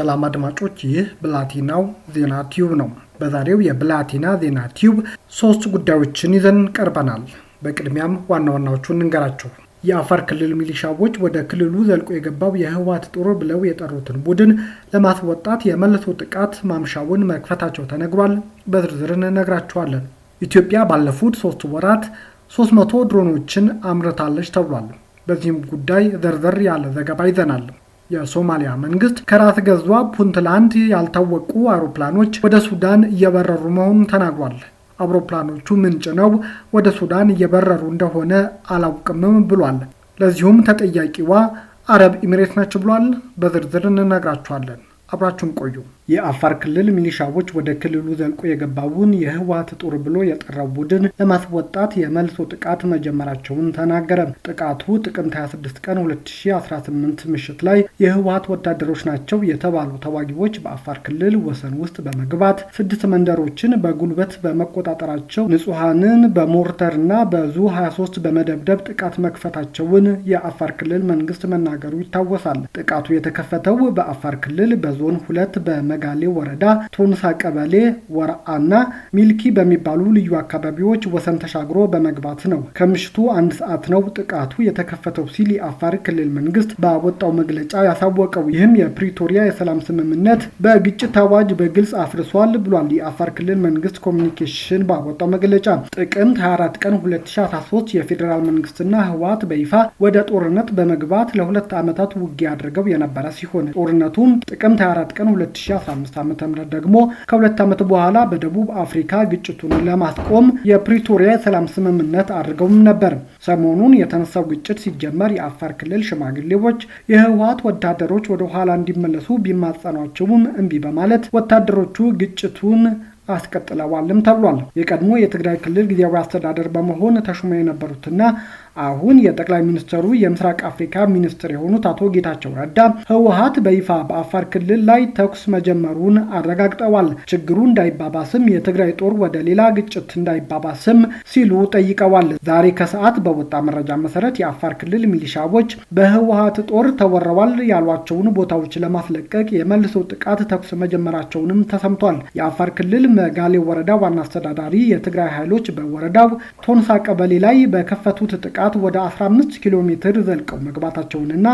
ሰላም አድማጮች፣ ይህ ብላቲናው ዜና ቲዩብ ነው። በዛሬው የብላቲና ዜና ቲዩብ ሶስት ጉዳዮችን ይዘን ቀርበናል። በቅድሚያም ዋና ዋናዎቹን እንገራቸው። የአፋር ክልል ሚሊሻዎች ወደ ክልሉ ዘልቆ የገባው የህወሓት ጦር ብለው የጠሩትን ቡድን ለማስወጣት የመልሶ ጥቃት ማምሻውን መክፈታቸው ተነግሯል። በዝርዝር እንነግራቸዋለን። ኢትዮጵያ ባለፉት ሶስት ወራት 300 ድሮኖችን አምርታለች ተብሏል። በዚህም ጉዳይ ዘርዘር ያለ ዘገባ ይዘናል። የሶማሊያ መንግስት ከራስ ገዟ ፑንትላንድ ያልታወቁ አውሮፕላኖች ወደ ሱዳን እየበረሩ መሆኑን ተናግሯል። አውሮፕላኖቹ ምንጭ ነው ወደ ሱዳን እየበረሩ እንደሆነ አላውቅምም ብሏል። ለዚሁም ተጠያቂዋ አረብ ኢሚሬት ነች ብሏል። በዝርዝር እንነግራችኋለን። አብራችሁን ቆዩ። የአፋር ክልል ሚሊሻዎች ወደ ክልሉ ዘልቆ የገባውን የህወሀት ጦር ብሎ የጠራው ቡድን ለማስወጣት የመልሶ ጥቃት መጀመራቸውን ተናገረ። ጥቃቱ ጥቅምት 26 ቀን 2018 ምሽት ላይ የህወሀት ወታደሮች ናቸው የተባሉ ተዋጊዎች በአፋር ክልል ወሰን ውስጥ በመግባት ስድስት መንደሮችን በጉልበት በመቆጣጠራቸው ንጹሐንን በሞርተርና በዙ 23 በመደብደብ ጥቃት መክፈታቸውን የአፋር ክልል መንግስት መናገሩ ይታወሳል። ጥቃቱ የተከፈተው በአፋር ክልል በዞን ሁለት በመ ሰጋሌ ወረዳ ቶንሳ ቀበሌ ወርአና ሚልኪ በሚባሉ ልዩ አካባቢዎች ወሰን ተሻግሮ በመግባት ነው። ከምሽቱ አንድ ሰዓት ነው ጥቃቱ የተከፈተው ሲል የአፋር ክልል መንግስት ባወጣው መግለጫ ያሳወቀው። ይህም የፕሪቶሪያ የሰላም ስምምነት በግጭት አዋጅ በግልጽ አፍርሷል ብሏል። የአፋር ክልል መንግስት ኮሚኒኬሽን ባወጣው መግለጫ ጥቅምት 24 ቀን 2013 የፌዴራል መንግስትና ህወሓት በይፋ ወደ ጦርነት በመግባት ለሁለት ዓመታት ውጊያ አድርገው የነበረ ሲሆን ጦርነቱም ጥቅምት 24 ቀን 2013 2015 ዓ ም ደግሞ ከሁለት ዓመት በኋላ በደቡብ አፍሪካ ግጭቱን ለማስቆም የፕሪቶሪያ የሰላም ስምምነት አድርገውም ነበር። ሰሞኑን የተነሳው ግጭት ሲጀመር የአፋር ክልል ሽማግሌዎች የህወሀት ወታደሮች ወደ ኋላ እንዲመለሱ ቢማጸኗቸውም እምቢ በማለት ወታደሮቹ ግጭቱን አስቀጥለዋልም ተብሏል። የቀድሞ የትግራይ ክልል ጊዜያዊ አስተዳደር በመሆን ተሹመው የነበሩትና አሁን የጠቅላይ ሚኒስትሩ የምስራቅ አፍሪካ ሚኒስትር የሆኑት አቶ ጌታቸው ረዳ ህወሀት በይፋ በአፋር ክልል ላይ ተኩስ መጀመሩን አረጋግጠዋል። ችግሩ እንዳይባባስም የትግራይ ጦር ወደ ሌላ ግጭት እንዳይባባስም ሲሉ ጠይቀዋል። ዛሬ ከሰዓት በወጣ መረጃ መሰረት የአፋር ክልል ሚሊሻዎች በህወሀት ጦር ተወረዋል ያሏቸውን ቦታዎች ለማስለቀቅ የመልሶ ጥቃት ተኩስ መጀመራቸውንም ተሰምቷል። የአፋር ክልል መጋሌ ወረዳ ዋና አስተዳዳሪ የትግራይ ኃይሎች በወረዳው ቶንሳ ቀበሌ ላይ በከፈቱት ጥቃት በመውጣት ወደ 15 ኪሎ ሜትር ዘልቀው መግባታቸውንና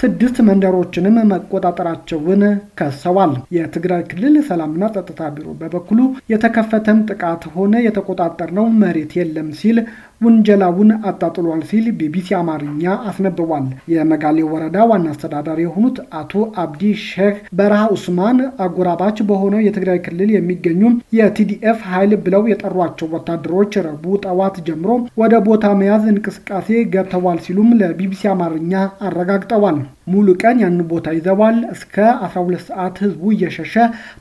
ስድስት መንደሮችንም መቆጣጠራቸውን ከሰዋል። የትግራይ ክልል ሰላምና ጸጥታ ቢሮ በበኩሉ የተከፈተም ጥቃት ሆነ የተቆጣጠርነው መሬት የለም ሲል ውንጀላውን አጣጥሏል ሲል ቢቢሲ አማርኛ አስነብቧል። የመጋሌ ወረዳ ዋና አስተዳዳሪ የሆኑት አቶ አብዲ ሼህ በረሃ ኡስማን አጎራባች በሆነው የትግራይ ክልል የሚገኙ የቲዲኤፍ ኃይል ብለው የጠሯቸው ወታደሮች ረቡዕ ጠዋት ጀምሮ ወደ ቦታ መያዝ እንቅስቃሴ እንቅስቃሴ ገብተዋል ሲሉም ለቢቢሲ አማርኛ አረጋግጠዋል። ሙሉ ቀን ያን ቦታ ይዘዋል። እስከ 12 ሰዓት ህዝቡ እየሸሸ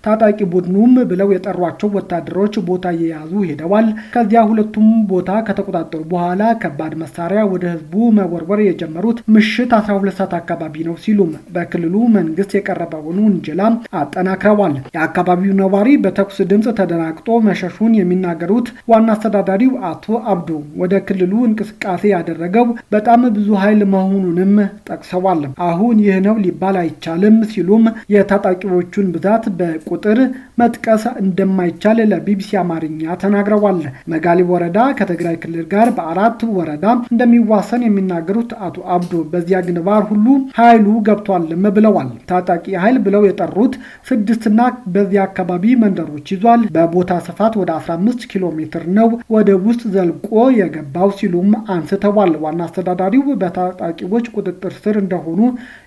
ታጣቂ ቡድኑም ብለው የጠሯቸው ወታደሮች ቦታ እየያዙ ሄደዋል። ከዚያ ሁለቱም ቦታ ከተቆጣጠሩ በኋላ ከባድ መሳሪያ ወደ ህዝቡ መወርወር የጀመሩት ምሽት 12 ሰዓት አካባቢ ነው ሲሉም በክልሉ መንግስት የቀረበውን ውንጀላ አጠናክረዋል። የአካባቢው ነዋሪ በተኩስ ድምፅ ተደናግጦ መሸሹን የሚናገሩት ዋና አስተዳዳሪው አቶ አብዶ ወደ ክልሉ እንቅስቃሴ ያደረገው በጣም ብዙ ኃይል መሆኑንም ጠቅሰዋል። አሁን ይህ ነው ሊባል አይቻልም ሲሉም የታጣቂዎቹን ብዛት በቁጥር መጥቀስ እንደማይቻል ለቢቢሲ አማርኛ ተናግረዋል። መጋሊ ወረዳ ከትግራይ ክልል ጋር በአራት ወረዳ እንደሚዋሰን የሚናገሩት አቶ አብዶ በዚያ ግንባር ሁሉ ኃይሉ ገብቷልም ብለዋል። ታጣቂ ኃይል ብለው የጠሩት ስድስትና በዚያ አካባቢ መንደሮች ይዟል። በቦታ ስፋት ወደ 15 ኪሎ ሜትር ነው ወደ ውስጥ ዘልቆ የገባው ሲሉም አንስተዋል። ዋና አስተዳዳሪው በታጣቂዎች ቁጥጥር ስር እንደሆኑ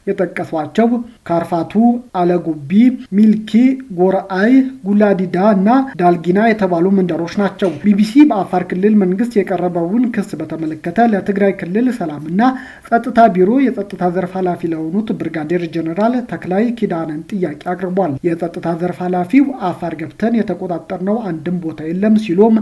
የጠቀሷቸው ካርፋቱ፣ አለጉቢ፣ ሚልኪ፣ ጎረአይ፣ ጉላዲዳ እና ዳልጊና የተባሉ መንደሮች ናቸው። ቢቢሲ በአፋር ክልል መንግስት የቀረበውን ክስ በተመለከተ ለትግራይ ክልል ሰላምና ጸጥታ ቢሮ የጸጥታ ዘርፍ ኃላፊ ለሆኑት ብርጋዴር ጀኔራል ተክላይ ኪዳንን ጥያቄ አቅርቧል። የጸጥታ ዘርፍ ኃላፊው አፋር ገብተን የተቆጣጠርነው አንድም ቦታ የለም ሲሉም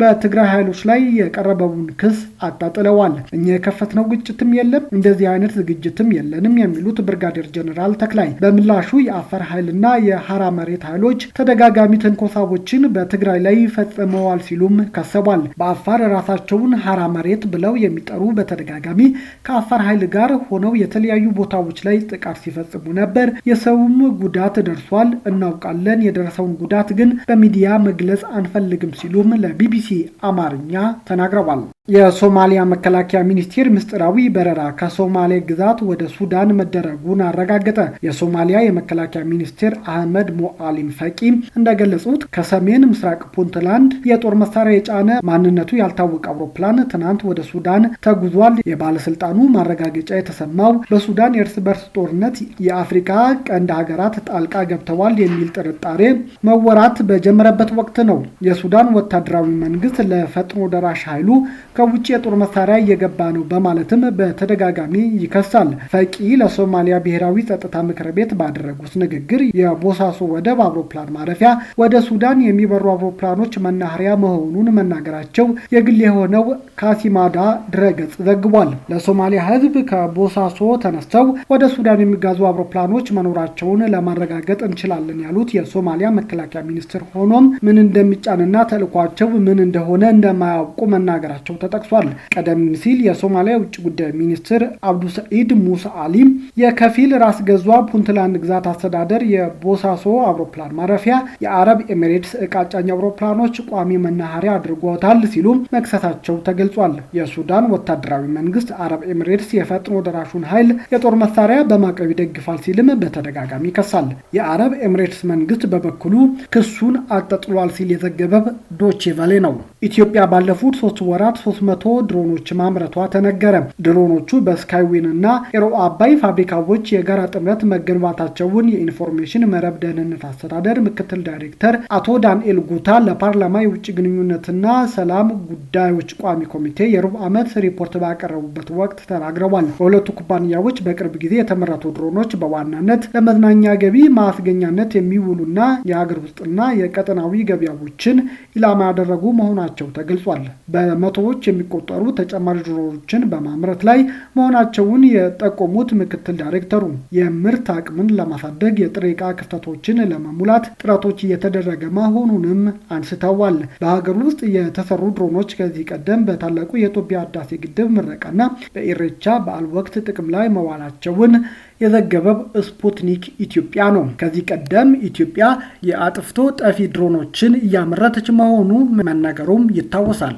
በትግራይ ኃይሎች ላይ የቀረበውን ክስ አጣጥለዋል። እኛ የከፈትነው ግጭትም የለም፣ እንደዚህ አይነት ዝግጅትም የለንም የሚሉት ብርጋዴር ጀኔራል ተክላይ በምላሹ የአፋር ኃይልና የሀራ መሬት ኃይሎች ተደጋጋሚ ትንኮሳዎችን በትግራይ ላይ ፈጽመዋል ሲሉም ከሰቧል። በአፋር ራሳቸውን ሀራ መሬት ብለው የሚጠሩ በተደጋጋሚ ከአፋር ኃይል ጋር ሆነው የተለያዩ ቦታዎች ላይ ጥቃት ሲፈጽሙ ነበር። የሰውም ጉዳት ደርሷል፣ እናውቃለን። የደረሰውን ጉዳት ግን በሚዲያ መግለጽ አንፈልግም ሲሉም ለቢቢሲ አማርኛ ተናግረዋል። የሶማሊያ መከላከያ ሚኒስቴር ምስጢራዊ በረራ ከሶማሌ ግዛት ወደ ሱዳን መደረጉን አረጋገጠ። የሶማሊያ የመከላከያ ሚኒስቴር አህመድ ሞአሊም ፈቂ እንደገለጹት ከሰሜን ምስራቅ ፑንትላንድ የጦር መሳሪያ የጫነ ማንነቱ ያልታወቀ አውሮፕላን ትናንት ወደ ሱዳን ተጉዟል። የባለስልጣኑ ማረጋገጫ የተሰማው በሱዳን የእርስ በርስ ጦርነት የአፍሪካ ቀንድ ሀገራት ጣልቃ ገብተዋል የሚል ጥርጣሬ መወራት በጀመረበት ወቅት ነው። የሱዳን ወታደራዊ መንግስት ለፈጥኖ ደራሽ ኃይሉ ከውጭ የጦር መሳሪያ እየገባ ነው በማለትም በተደጋጋሚ ይከሳል። ፈቂ ለሶማሊያ ብሔራዊ ጸጥታ ምክር ቤት ባደረጉት ንግግር የቦሳሶ ወደብ አውሮፕላን ማረፊያ ወደ ሱዳን የሚበሩ አውሮፕላኖች መናኸሪያ መሆኑን መናገራቸው የግል የሆነው ካሲማዳ ድረገጽ ዘግቧል። ለሶማሊያ ሕዝብ ከቦሳሶ ተነስተው ወደ ሱዳን የሚጋዙ አውሮፕላኖች መኖራቸውን ለማረጋገጥ እንችላለን ያሉት የሶማሊያ መከላከያ ሚኒስትር ሆኖም ምን እንደሚጫንና ተልኳቸው ምን እንደሆነ እንደማያውቁ መናገራቸው ተጠቅሷል። ቀደም ሲል የሶማሊያ ውጭ ጉዳይ ሚኒስትር አብዱሰኢድ ሙሳ አሊም የከፊል ራስ ገዟ ፑንትላንድ ግዛት አስተዳደር የቦሳሶ አውሮፕላን ማረፊያ የአረብ ኤሚሬትስ እቃ ጫኝ አውሮፕላኖች ቋሚ መናኸሪያ አድርጎታል ሲሉ መክሰታቸው ተገልጿል። የሱዳን ወታደራዊ መንግስት አረብ ኤሚሬትስ የፈጥኖ ደራሹን ኃይል የጦር መሳሪያ በማቅረብ ይደግፋል ሲልም በተደጋጋሚ ይከሳል። የአረብ ኤሚሬትስ መንግስት በበኩሉ ክሱን አጠጥሏል ሲል የዘገበ ዶቼ ቫሌ ነው። ኢትዮጵያ ባለፉት ሶስት ወራት 300 ድሮኖች ማምረቷ ተነገረ። ድሮኖቹ በስካይዊን እና ኤሮ አባይ ፋብሪካዎች የጋራ ጥምረት መገንባታቸውን የኢንፎርሜሽን መረብ ደህንነት አስተዳደር ምክትል ዳይሬክተር አቶ ዳንኤል ጉታ ለፓርላማ የውጭ ግንኙነትና ሰላም ጉዳዮች ቋሚ ኮሚቴ የሩብ ዓመት ሪፖርት ባቀረቡበት ወቅት ተናግረዋል። በሁለቱ ኩባንያዎች በቅርብ ጊዜ የተመረቱ ድሮኖች በዋናነት ለመዝናኛ ገቢ ማስገኛነት የሚውሉና የሀገር ውስጥና የቀጠናዊ ገበያዎችን ኢላማ ያደረጉ መሆናቸው መሆናቸው ተገልጿል። በመቶዎች የሚቆጠሩ ተጨማሪ ዶሮዎችን በማምረት ላይ መሆናቸውን የጠቆሙት ምክትል ዳይሬክተሩ የምርት አቅምን ለማሳደግ የጥሬ ዕቃ ክፍተቶችን ለመሙላት ጥረቶች እየተደረገ መሆኑንም አንስተዋል። በሀገር ውስጥ የተሰሩ ድሮኖች ከዚህ ቀደም በታላቁ የኢትዮጵያ ህዳሴ ግድብ ምረቃና በኢሬቻ በዓል ወቅት ጥቅም ላይ መዋላቸውን የዘገበው ስፑትኒክ ኢትዮጵያ ነው። ከዚህ ቀደም ኢትዮጵያ የአጥፍቶ ጠፊ ድሮኖችን እያመረተች መሆኑ መናገሩም ይታወሳል።